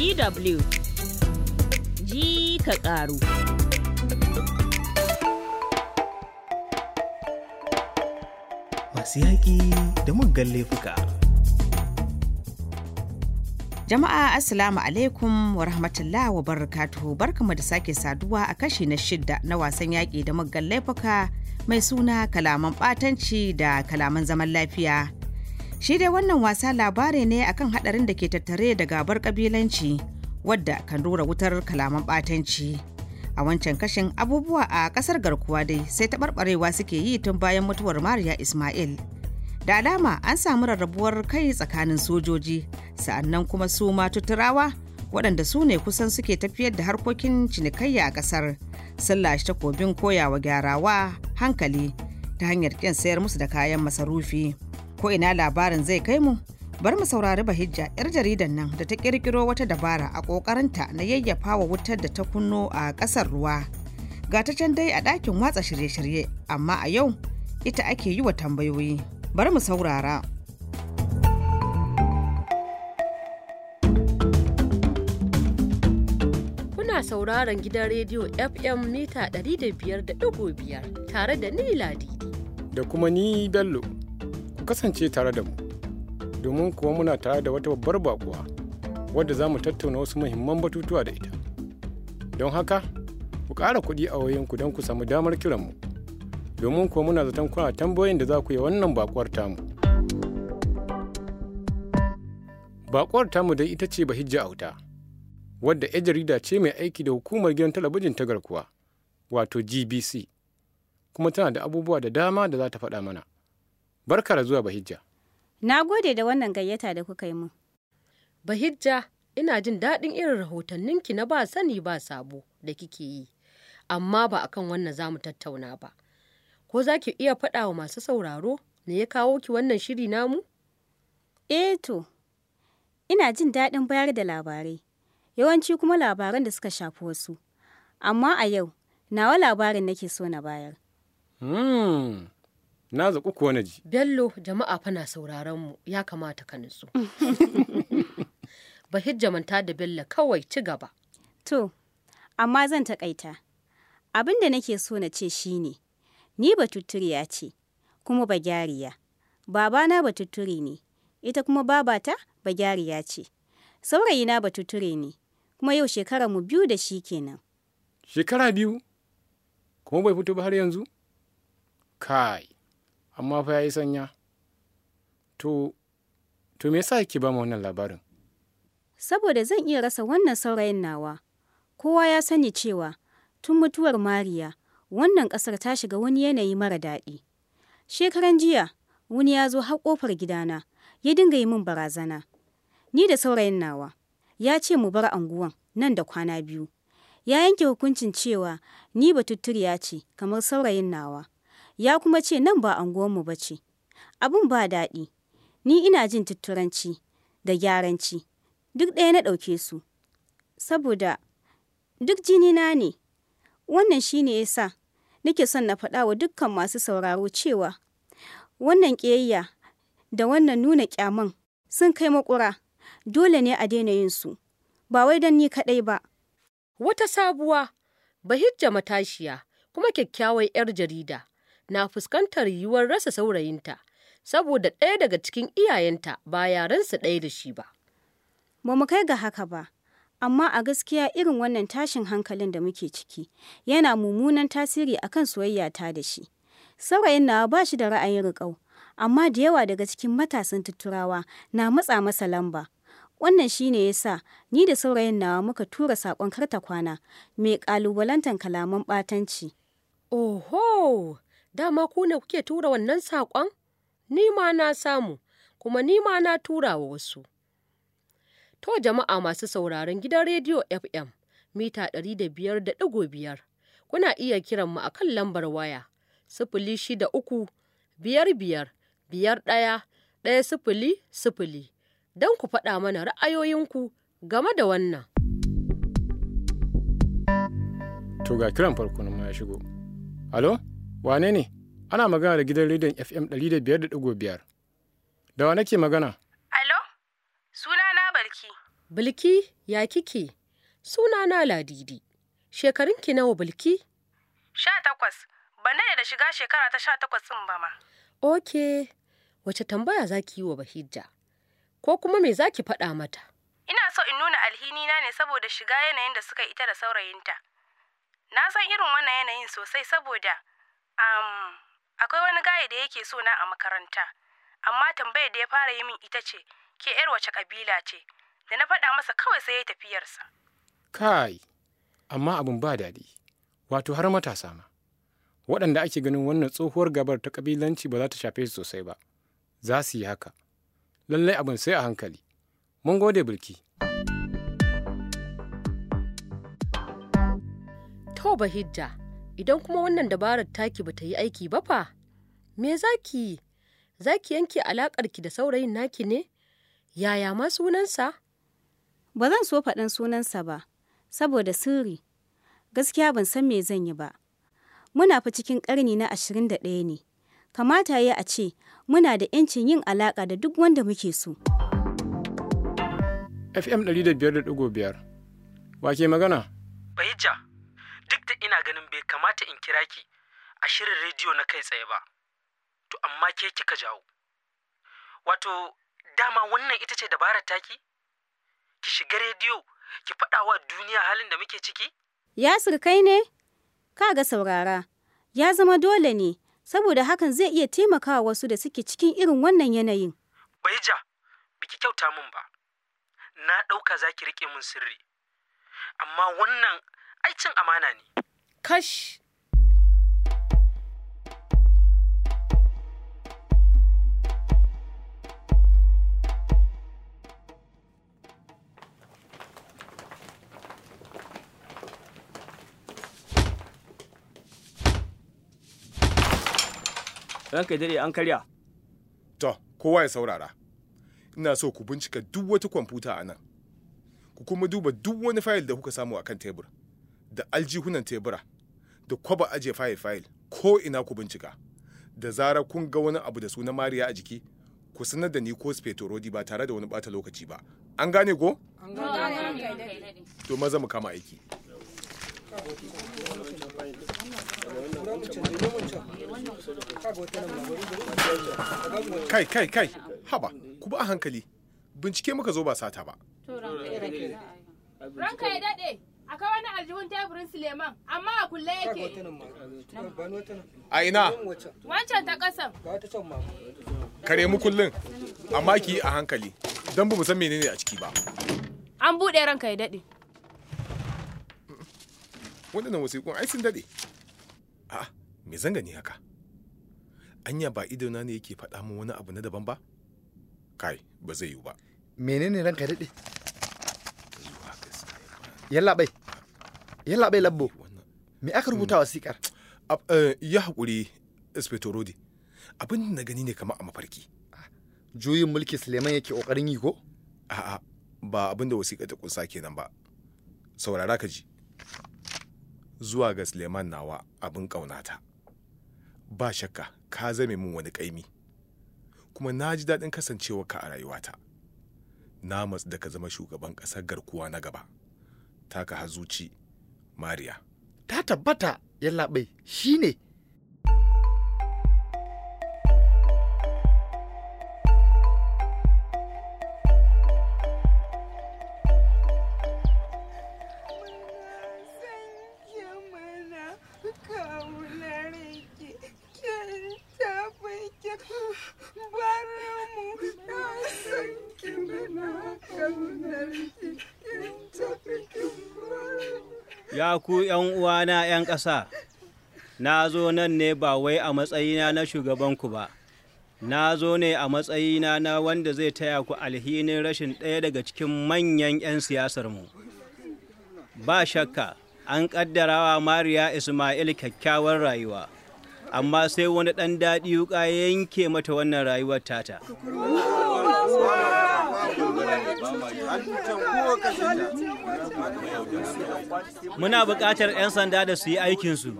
DW ji ka ƙaru. Masu yaƙi da muggan laifuka. Jama'a Assalamu alaikum wa rahmatullah wa barakatuhu barkamu da sake saduwa a kashi na shidda na wasan yaƙi da muggan laifuka mai suna kalaman ɓatanci da kalaman zaman lafiya. Shi dai wannan wasa labari ne akan hadarin da ke tattare da gabar kabilanci wadda kan rura wutar kalaman batanci. A wancan kashin abubuwa a kasar garkuwa dai sai taɓarɓarewa suke yi tun bayan mutuwar Mariya Ismail. Da alama an samu rarrabuwar kai tsakanin sojoji, sa'annan kuma su ma matuturawa waɗanda su ne kusan suke tafiyar da harkokin cinikayya a ƙasar. Sun lashe takobin koyawa gyarawa hankali ta hanyar ƙin sayar musu da kayan masarufi. Ko ina labarin zai kai mu? Bar mu saurari Bahijja 'yar jaridan nan da ta kirkiro wata dabara a ƙoƙarinta na yayyafa wa wutar da ta kunno a ƙasar ruwa. Ga ta can dai a ɗakin watsa shirye-shirye, amma a yau ita ake yi wa tambayoyi. Bari mu saurara. sauraron gidan rediyo FM mita 105.5 tare da ni ladi Da kuma ni Bello. kasance tare da mu domin kuwa muna tare da wata babbar bakuwa wadda za mu tattauna wasu muhimman batutuwa da ita don haka ku ƙara kuɗi a wayanku don ku samu damar kiranmu domin kuwa muna zaton kuna tambayoyin da za ku yi wannan bakuwar tamu bakuwar tamu dai ita ce bahijja auta wadda ya jarida ce mai aiki da hukumar gidan talabijin ta garkuwa wato gbc kuma tana da abubuwa da dama da za ta faɗa mana Barka da zuwa Bahijja. Na gode da wannan gayyata da kuka yi min. Bahijja, ina jin daɗin irin rahotanninki na ba sani ba sabo da kike yi, amma ba akan wannan za mu tattauna ba. Ko za ki iya faɗa wa masu sauraro ne ya kawo ki wannan shiri namu? Eh to, ina jin daɗin bayar da labarai, yawanci kuma labaran da suka shafi wasu. Amma a yau, nawa labarin nake so na bayar. Hmm. na zaƙu kuwa na ji bello jama'a fana na sauraron mu ya kamata ka nutsu ba hijjamanta da bello kawai ci gaba to amma zan taƙaita abin da nake so na ce shi ne ni batuturiya ce kuma bagyariya babana batutturi ne ita kuma babata bagyariya ce saurayina batuture ne kuma yau shekara mu biyu da shi kenan shekara biyu kuma bai fito ba har yanzu kai amma fa ya yi sanya to to me yasa ki ba mu wannan labarin saboda zan iya rasa wannan saurayin nawa kowa ya sani cewa tun mutuwar mariya wannan ƙasar ta shiga wani yanayi mara daɗi shekaran jiya wani ya zo har ƙofar gidana ya dinga yi min barazana ni da saurayin nawa ya ce mu bar anguwan nan da kwana biyu ya yanke hukuncin cewa ni batuturiya ce kamar saurayin nawa ya kuma ce nan ba anguwanmu ba ce. Abin ba daɗi, ni ina jin tutturanci da gyaranci, duk ɗaya na ɗauke su. Saboda duk na ne, wannan shi ne ya sa nake son na faɗa wa dukkan masu sauraro cewa wannan ƙiyayya da wannan nuna ƙyaman sun kai makura dole ne a daina yin su ba wai don ni kaɗai ba. Wata sabuwa, bahijja matashiya kuma kyakkyawar 'yar jarida na fuskantar yiwuwar rasa saurayinta saboda ɗaya daga cikin iyayenta ba su ɗaya da shi ba. Ba mu kai ga haka ba, amma a gaskiya irin wannan tashin hankalin da muke ciki yana mummunan tasiri akan soyayya ta da shi. Saurayin nawa ba shi da ra'ayin riƙau, amma da yawa daga cikin matasan tutturawa na matsa masa lamba. Wannan shi ne ya sa ni da saurayin nawa muka tura saƙon karta kwana mai ƙalubalantar kalaman ɓatanci. Oho! dama ku ne kuke tura wannan saƙon? Ni ma na samu, kuma ni ma na tura wa wasu. To jama'a masu sauraron gidan rediyo FM mita ɗari da da biyar kuna iya kiran mu a kan lambar waya sifili shida uku biyar biyar biyar ɗaya ɗaya sifili sifili don ku faɗa mana ra'ayoyinku game da wannan. To ga kiran farko na ya shigo. Alo? Wane ne? Ana magana da gidan rediyon FM 105.5. Da wa nake magana? Alo, suna na Balki. Bilki, ya kike? Suna na Ladidi. Shekarunki nawa Bilki? Sha takwas. Ban da shiga shekara ta sha takwas ɗin ba ma. Ok, wace tambaya za ki yi wa Bahijja? Ko kuma me za ki faɗa mata? Ina so in nuna alhinina ne saboda shiga yanayin da suka ita da saurayinta. Na san irin wannan yanayin sosai saboda Um, akwai wani gaye da yake so na a makaranta, amma tambayar da ya fara yi min ita ce, ke 'yar wace ƙabila ce, da na faɗa masa kawai sai ya tafiyarsa. Kai, amma abin ba daɗi, wato har matasa ma. Waɗanda ake ganin wannan tsohuwar gabar ta kabilanci ba za ta shafe su sosai ba, za su yi haka. Lallai abin sai a hankali. Mun gode bilki. To Bahijja, Idan kuma wannan dabarar taki bata yi aiki ba fa, me za ki yi? Za ki yanke alaƙarki da saurayin naki ne? Yaya ma sunansa? Ba zan so faɗin sunansa ba, saboda sirri. Gaskiya ban san me zan yi ba. Muna fa cikin ƙarni na ashirin da ɗaya ne. Kamata ya a ce muna da 'yancin yin alaƙa da duk wanda muke so. FM 105.5 Wa ke magana? ina ganin bai kamata in kira ki a shirin rediyo na kai tsaye ba to amma ke kika jawo wato dama wannan ita ce dabarar taki ki shiga rediyo ki faɗa wa duniya halin da muke ciki ya kai ne kaga saurara ya zama dole ne saboda hakan zai iya taimakawa wasu da suke cikin irin wannan yanayin bai ja biki kyauta min ba na ɗauka za ki riƙe min sirri amma wannan aicin amana ne kash ranka dare an karya. To, kowa ya saurara. Ina so ku bincika duk wata kwamfuta a nan. Ku kuma duba duk wani fayil da kuka samu a kan tebur. da aljihunan tebura da kwaba aje fayil fayil ko ina ku bincika da zarar kun ga wani abu da suna mariya a jiki ku sanar da ni ko spetorodi ba tare da wani bata lokaci ba an gane ko? to maza mu kama aiki kai kai kai haba ku ba a hankali bincike muka zo ba sata ba ranka ya dade akwai wani aljihun teburin suleiman amma a kulle yake a ina wancan ta kasan kare mu kullun amma ki a hankali don ba mu san menene a ciki ba an buɗe ranka ya daɗe waɗannan wasiƙun ai sun daɗe a me zanga ni haka anya ba idona ne yake faɗa min wani abu na daban ba kai ba zai yiwu ba menene ranka ya daɗe yalla bai yalla bai labbo me aka rubuta wasikar eh, ya hakuri inspector rodi abin da gani ne kamar a mafarki juyin mulki suleiman yake kokarin yi ko a'a ba abin da wasiƙa ta kunsa kenan ba saurara ka ji zuwa ga suleiman nawa abin ta. ba shakka ka zame min wani ƙaimi kuma na ji daɗin kasancewa ka a rayuwata na matsu da ka zama shugaban ƙasar garkuwa na gaba taka hazuci mariya ta tabbata yallaɓai shi ne ya ku ‘yan uwana ‘yan ƙasa, na zo nan ne ba wai a matsayina na shugabanku ba, na zo ne a matsayina na wanda zai taya ku alhinin rashin ɗaya daga cikin manyan ‘yan siyasarmu. Ba shakka, an ƙaddarawa Mariya Ismail kyakkyawar rayuwa, amma sai wani ɗan daɗi ya yanke mata wannan rayuwar tata. Muna buƙatar 'yan sanda da su yi aikinsu.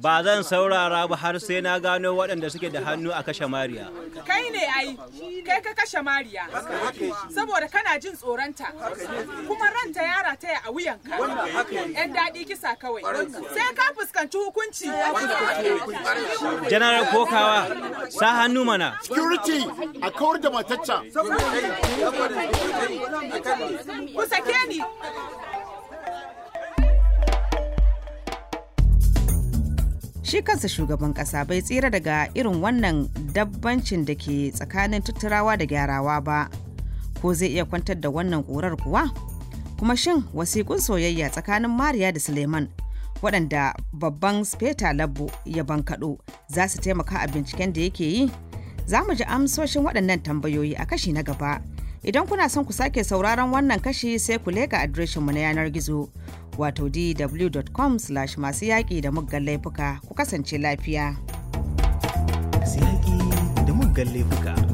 Ba zan saurara ba har sai na gano waɗanda suke da hannu a kashe Mariya. Kai ne ai, kai ka kashe Mariya. Saboda kana jin tsoronta. Kuma ranta yara ta a wuyanka. Yan daɗi kisa kawai. Sai ka fuskanci hukunci. General Kokawa, sa hannu mana. Security, a kawar da matacca. shi kansa shugaban kasa bai tsira daga irin wannan dabbancin da ke tsakanin tutturawa da gyarawa ba ko zai iya kwantar da wannan ƙorar kuwa kuma shin wasiƙun soyayya tsakanin mariya da suleiman waɗanda babban speta labbo ya bankaɗo za su taimaka a binciken da yake yi za mu ji amsoshin waɗannan tambayoyi a kashi na gaba Idan kuna son ku sake sauraron wannan kashi sai ku leka mu na yanar gizo wato dw.com slash masu yaƙi da muggan laifuka ku kasance lafiya. Masu yaƙi da muggan laifuka.